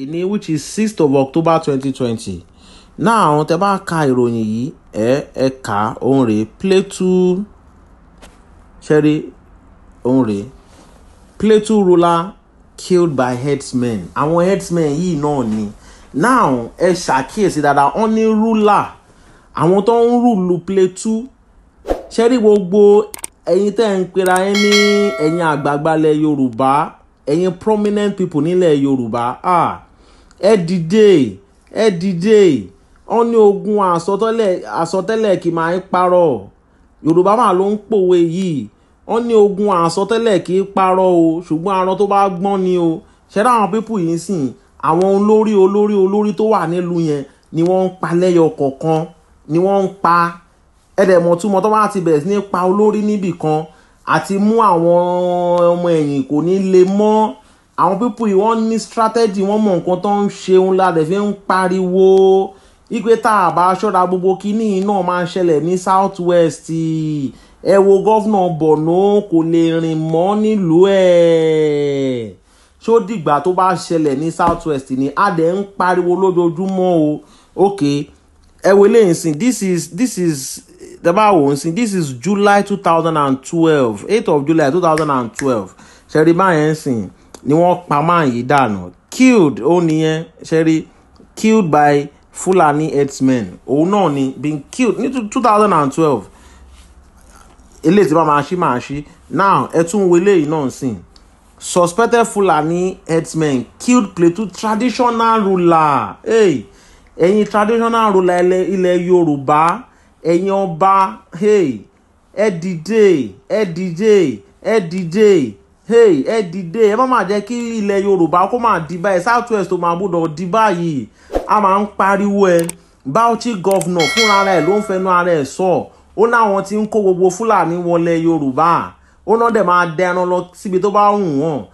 èní which is sixth of october twenty twenty náà àwọn tẹ bá ka ìròyìn yìí ẹ ẹ kà á òun rèé plato ṣẹ́rí òun rèé plato ruler killed by herdsmen àwọn herdsmen yìí náà ni now ẹ ṣàkíyèsí dáadáa wọ́n ní ruler àwọn tó ń rúlu plato ṣẹ́rí gbogbo ẹ̀yin tẹ́ ń pera ẹ ní ẹ̀yin àgbààgbà ilẹ̀ yorùbá ẹ̀yin prominent people nílẹ̀ yorùbá ah ẹ dìde ẹ dìde wọ́n ní ogun àsọtẹ́lẹ̀ kì máa ń parọ́ yorùbá máa ló ń pòwe yìí wọ́n ní ogun àsọtẹ́lẹ̀ kì í parọ́ o ṣùgbọ́n aràn tó bá gbọ́n ni o ṣẹ́dá àwọn pípù yìí sìn àwọn olórí olórí olórí tó wà nílùú yẹn ni wọ́n ń pa lẹ́yọ kọ̀ọ̀kan ni wọ́n ń pa ẹ̀dẹ̀mọ̀ túmọ̀ tó bá ti bẹ̀rẹ̀ sí ní pa olórí níbì kan àti mú àwọn ọmọ ẹ̀yìn kò ní le mọ́ àwọn pípù yìí wọ́n ní strategy wọ́n mọ̀ nǹkan tó ń ṣe ń la rẹ̀ fi ń pariwo ipe tá a bá ṣọ́ra gbogbo kínní náà máa ṣẹlẹ̀ ní south west ẹ wo gọ́fúnà Borno kò lè rìn mọ́ nílùú ẹ̀ ṣó dìgbà tó bá ṣẹlẹ̀ ní south west ni a dẹ̀ ń pariwo lójoojúmọ́ o ok ẹ wo eléyìí sìn this is this is dábàáwò ń sìn this is July two thousand and twelve eight of July two thousand and twelve ṣẹ̀rí báyẹn sìn ni wọ́n pa máa yìí dànù killed ó nìyẹn ṣe rí killed by Fulani herdsmen òun náà ni been killed ní two thousand and twelve eléyìí tí wọ́n máa ṣí máa ṣí now ẹ tún wo eléyìí náà sìn suspected Fulani herdsmen killed Plateau traditional ruler hey, ẹ̀yin traditional ruler ilẹ̀ Yorùbá ẹ̀yin ọba hey, ẹ dìde ẹ dìde ẹ dìde hey ẹ dìde ẹ má má jẹ́ kí ilẹ̀ yorùbá kó máa di báyìí south west tó máa gbọ́dọ̀ di báyìí a máa ń pariwo ẹ bauchi governor fúnra rẹ̀ ló ń fẹnu ara ẹ̀ sọ ó láwọn ti ń kó gbogbo fúlàní wọlé yorùbá ó náà dẹ̀ máa dẹran lọ síbi tó bá wù wọ́n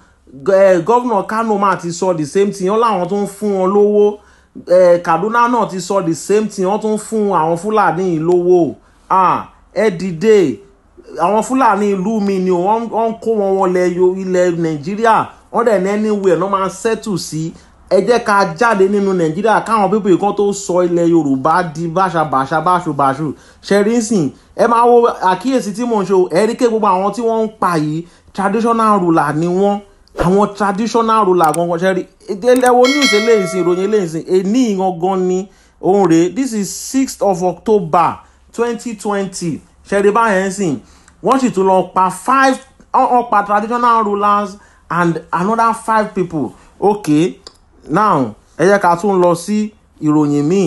gọ́vnà kano máa ti sọ the same thing wọ́n láwọn tó ń fún wọn lówó kaduna náà ti sọ the same thing wọ́n tó ń fún àwọn fúlàní lówó ẹ dìde àwọn fúlàní ìlú mi ni wọ́n ń kó wọn wọlé ilẹ̀ nàìjíríà wọ́n dẹ̀ ní anywhere náà máa ṣẹ́tù sí ẹ jẹ́ ká jáde nínú nàìjíríà káwọn pípé kan tó sọ ilẹ̀ yorùbá di báṣabàṣa báṣubàṣu ṣẹ̀rínsìn ẹ máa wo àkíyèsí tí mò ń ṣe ẹ rí ké gbogbo àwọn tí wọ́n ń pa yìí traditional ruler ni wọ́n àwọn traditional ruler gangan ṣẹ́rí ẹlẹ́wọ̀ news eléyìísìn ìròyìn eléyìísìn èní gangan ni òun rèé this is 6th of october 2020. twenty ṣẹ́rí báyẹn sìn wọ́n sì tún lọ pa five wọ́n pa traditional rulers and another five people okay now ẹ jẹ́ ká tún lọ sí ìròyìn míì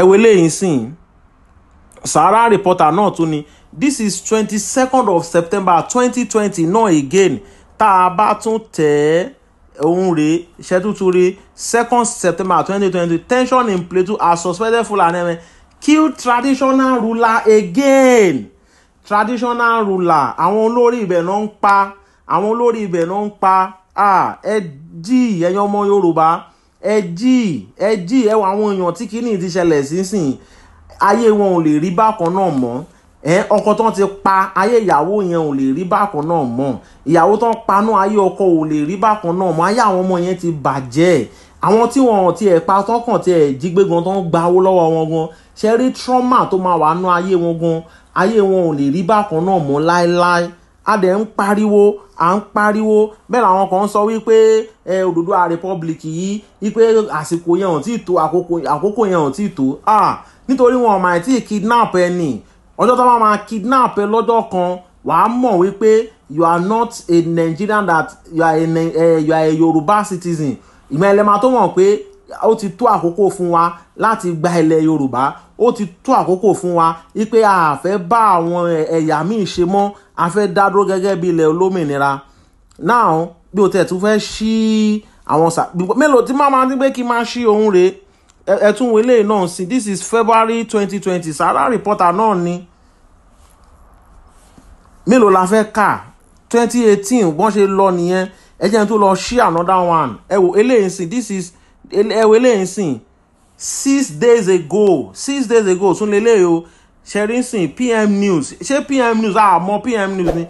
ẹ wo eléyìí sìn Sahara reporter náà tún ni this is twenty second of September twenty twenty náà again tá a bá tún tẹ̀ ẹ́ òun rèé iṣẹ́ tuntun rèé second September twenty twenty tension in Plateau as suspected Fulani men kill traditional ruler again traditional ruler àwọn olórí ibẹ̀ náà ń pa àwọn olórí ibẹ̀ náà ń pa ẹ jí ẹ̀yin ọmọ yorùbá ẹ jí ẹ jí ẹ wọ àwọn èèyàn tí kìíní ti ṣẹlẹ̀ sínsìn ayé wọn ò lè rí bákan náà mọ́ ọkọ tán ti pa ayé ìyàwó yẹn ò lè rí bákan náà mọ́ ìyàwó tán pa náà ayé ọkọ ò lè rí bákan náà mọ́ ayé àwọn ọmọ yẹn ti bàjẹ́ àwọn tí wọn ti ẹ̀ pa tọkàn tí ẹ̀ jí gbé gan tán gbawó lọ́wọ́ wọn gan ṣe rí trauma tó máa wà nú ayé wọn gan ayé wọn ò lè rí bákan náà mọ́ láéláé a dẹ̀ ń pariwo à ń pariwo bẹ́ẹ̀ làwọn kan sọ wípé ẹ Odùduwà republic yìí wípé àsìkò yẹn ò tí ì tó àkókò yẹn ò tí ì tó nítorí wọn ò máa tí ì kidnap ẹni ọjọ́ tó bá máa kidnap ẹ lọ́jọ́ kan wàá mọ̀ wípé you are not a Nigerian that you are a, uh, you are a Yoruba citizen ìgbà ẹlẹ́mà tó mọ̀ pé ó ti tó àkókò fún wa láti gba ilẹ̀ yorùbá ó ti tó àkókò fún wa wípé a fẹ́ bá àwọn ẹ̀yà míì ṣe mọ́ a fẹ́ dá dúró gẹ́gẹ́ bí ilẹ̀ olómìnira náà bí o tẹ̀ tún fẹ́ ṣí àwọn sà mélòó tí máa máa gbé kí máa ṣí ohun rèé ẹ̀tún wọlé náà sí this is february twenty twenty sahara reporter náà ni mélòó la fẹ́ kà twenty eighteen bọ́n ṣe lọ nìyẹn ẹ jẹ́ n tó lọ ṣí another one ẹ wò eléyìí sí this is ẹwẹ́ lẹ́yìn sìn six days ago six days ago tún lélẹ́yìí o ṣẹ́rí sìn pm news ṣé pm news àmọ́ ah, pm news ni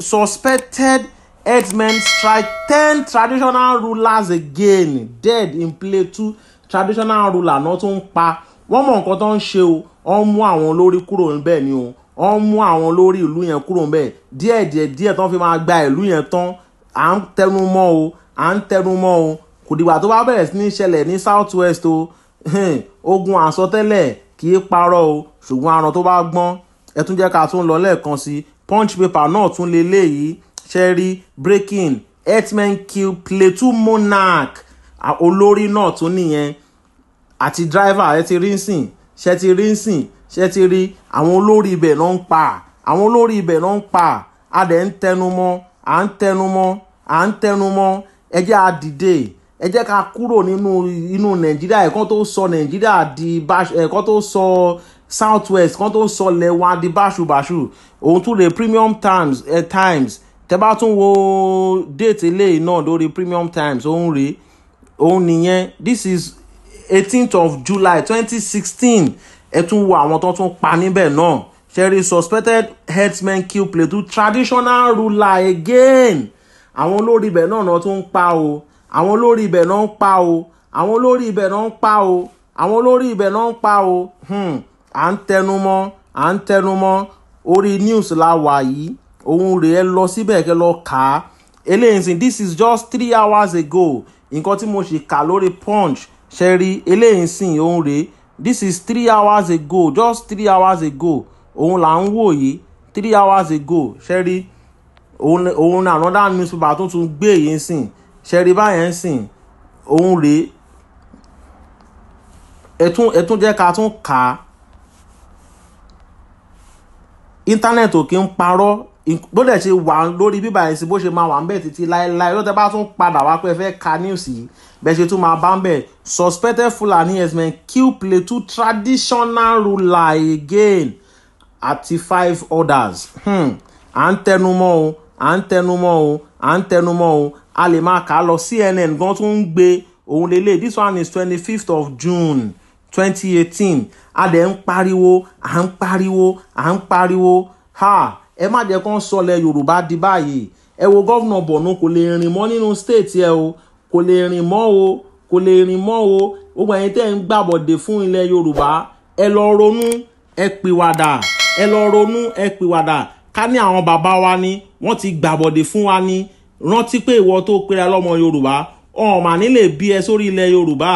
suspected herdsmen strike ten traditional rulers again dead in play two traditional rulers. náà tún ń pa wọ́n mọ̀ nǹkan tó ń ṣe o wọ́n mú àwọn olórí kúrò níbẹ̀ ni o wọ́n mú àwọn olórí ìlú yẹn kúrò níbẹ̀ díẹ̀ díẹ̀ díẹ̀ tán fi máa gba ìlú yẹn tán à ń tẹnu mọ́ o à ń tẹnu mọ́ o kò dìgbà tó bá bẹ̀rẹ̀ sí ní ṣẹlẹ̀ ní south west o ogun àsọtẹ́lẹ̀ kì í parọ́ o ṣùgbọ́n aràn tó bá gbọ́n ẹ tún jẹ́ ká tún lọ lẹ́ẹ̀kan sí punch paper náà tún lè léyìí ṣẹ́rí breaking herdsmen kill plateau monarch olórí náà tún nìyẹn àti driver ẹ ti rí sìn ṣe ti rí sìn ṣe ti rí àwọn olórí ibẹ̀ náà ń pa àwọn olórí ibẹ̀ náà ń pa a dẹ̀ ń tẹnumọ́ à ń tẹnumọ́ à ń tẹnumọ́ ẹ jẹ́ àdìde ẹ jẹ́ ká kúrò nínú inú nàìjíríà ẹ̀kan tó sọ nàìjíríà di ẹ̀kan tó sọ south west kan tó sọ lẹ́wà di báṣubàṣu òun tún lè premium times eh, times tẹ bá tún wo déètì eléyìí náà lórí premium times òun rèé òun nìyẹn this is eighteenth of july twenty sixteen ẹ tún wo àwọn tó tún pa níbẹ̀ náà ṣẹ́rí suspected herdsmen kill Plateau traditional ruler again àwọn olórí ibẹ̀ náà náà tún ń pa o àwọn olórí ibẹ̀ náà ń pa o àwọn olórí ibẹ̀ náà ń pa o àwọn olórí ibẹ̀ náà ń pa o hmm, à ń tẹnu mọ́ à ń tẹnu mọ́ orí news la wà yìí òun rèé ẹ lọ síbẹ̀ kẹ́ lọ kà á eléyìí this is just three hours ago nǹkan tí mo ṣe kà lórí punch ṣe rí eléyìí sìn òun rèé this is three hours ago just three hours ago òun là ń wò yìí three hours ago ṣe rí òun ni another newspaper tó tún gbé yìí sìn ṣẹ̀rí báyẹn ń sìn òun rèé ẹ̀tún ẹ̀tún jẹ́ ká tún kà á íńtánẹ́ẹ̀tì ò kí ń parọ́ bó dẹ̀ ṣe wà lórí bíbá ẹ̀sìn bó ṣe máa wà ń bẹ̀ títí láéláé ló tẹ́ bá tún padà wá pé fẹ́ ka news yìí bẹ́ẹ̀ ṣe tún máa bá ń bẹ̀ suspected Fulani herdsmen kill Plateau traditional ruler again àti five others hmm. à ń tẹnumọ́ o à ń tẹnumọ́ o à ń tẹnumọ́ o a lè máa kà á lọ CNN gan tún ń gbé òun lélẹ̀ this one is twenty fifth of June twenty eighteen a dẹ̀ ń pariwo à ń pariwo à ń pariwo ha ẹ má jẹ́ kán sọlẹ̀ Yorùbá di báyìí ẹ wo gọ́vnà Borno kò lè rìn mọ́ nínú state ẹ o kò lè rìn mọ́ o kò lè rìn mọ́ o gbogbo ẹ̀yin tẹ́ ń gbàbọ̀dè fún ilẹ̀ Yorùbá ẹ lọ ronú ẹ pìwàdà ẹ lọ ronú ẹ pìwàdà ká ní àwọn bàbá wa ni wọ́n ti gbàbọ̀dè fún wa ni rántí pé ìwọ tó pera lọ́mọ yorùbá ọ̀mà nílẹ̀ bí ẹ sórí ilẹ̀ yorùbá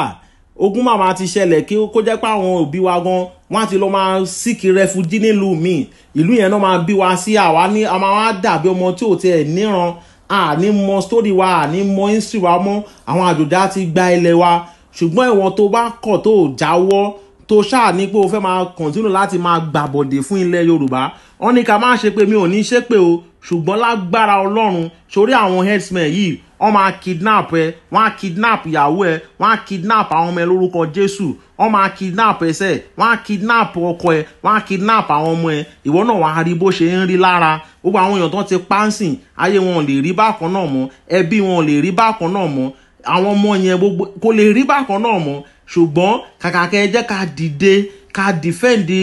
ogun màmá ti ṣẹlẹ̀ kí kó jẹ́ pé àwọn òbí wa gan wọ́n á ti lọ máa síkì rẹfugí nílùú míì ìlú yẹn náà máa bí wa sí àwa ní a máa wá dàbí ọmọ tí ò tiẹ̀ níran àní mọ sítórì wa àní mọ history wa mọ́ àwọn àjòjá ti gba ilẹ̀ wa ṣùgbọ́n ìwọ̀n tó bá kọ̀ tó jáwọ́ tó ṣáà ní pé o fẹ́ máa kọ̀ntínú láti máa gbàbọ̀dè fún ilẹ̀ yorùbá wọn ní ká má ṣe pé mi ò ní ṣe pé o ṣùgbọ́n lágbára ọlọ́run sórí àwọn herdsmen yìí wọ́n máa kidnap ẹ wọ́n á kidnap ìyàwó ẹ wọ́n á kidnap àwọn ọmọ ẹ lórúkọ jésù wọ́n máa kidnap ẹsẹ̀ wọ́n á kidnap ọkọ ẹ wọ́n á kidnap àwọn ọmọ ẹ ìwọ náà wàá rí bó ṣe ń rí lára gbogbo àwọn èèyàn tó ti pánsìn ayé wọn ò lè rí bákan náà mọ́ ẹbí wọn ò lè rí bákan náà mọ́ àwọn ọmọ yẹn gbogbo kò lè rí bákan náà mọ́ ṣùgbọ́n kàkà kẹ́ ẹ jẹ́ ká dìde ká dìfẹ́ǹdì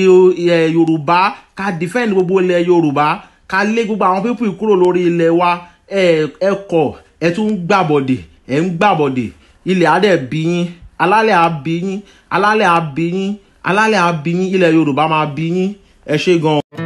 yorùbá ká dìfẹ́ǹdì gbogbo ilẹ̀ yorùbá ká lé gbogbo àwọn pípù kúrò lórí ilẹ̀ wa ẹ kọ̀ ẹ tún ń gbàbọ̀dè ẹ ń gbàbọ̀dè ilẹ̀ adẹ̀ bí yín alálẹ̀ àbí yín alálẹ̀ àbí yín alálẹ̀ àbí yín ilẹ̀ yorùbá máa bí yín ẹ ṣe gan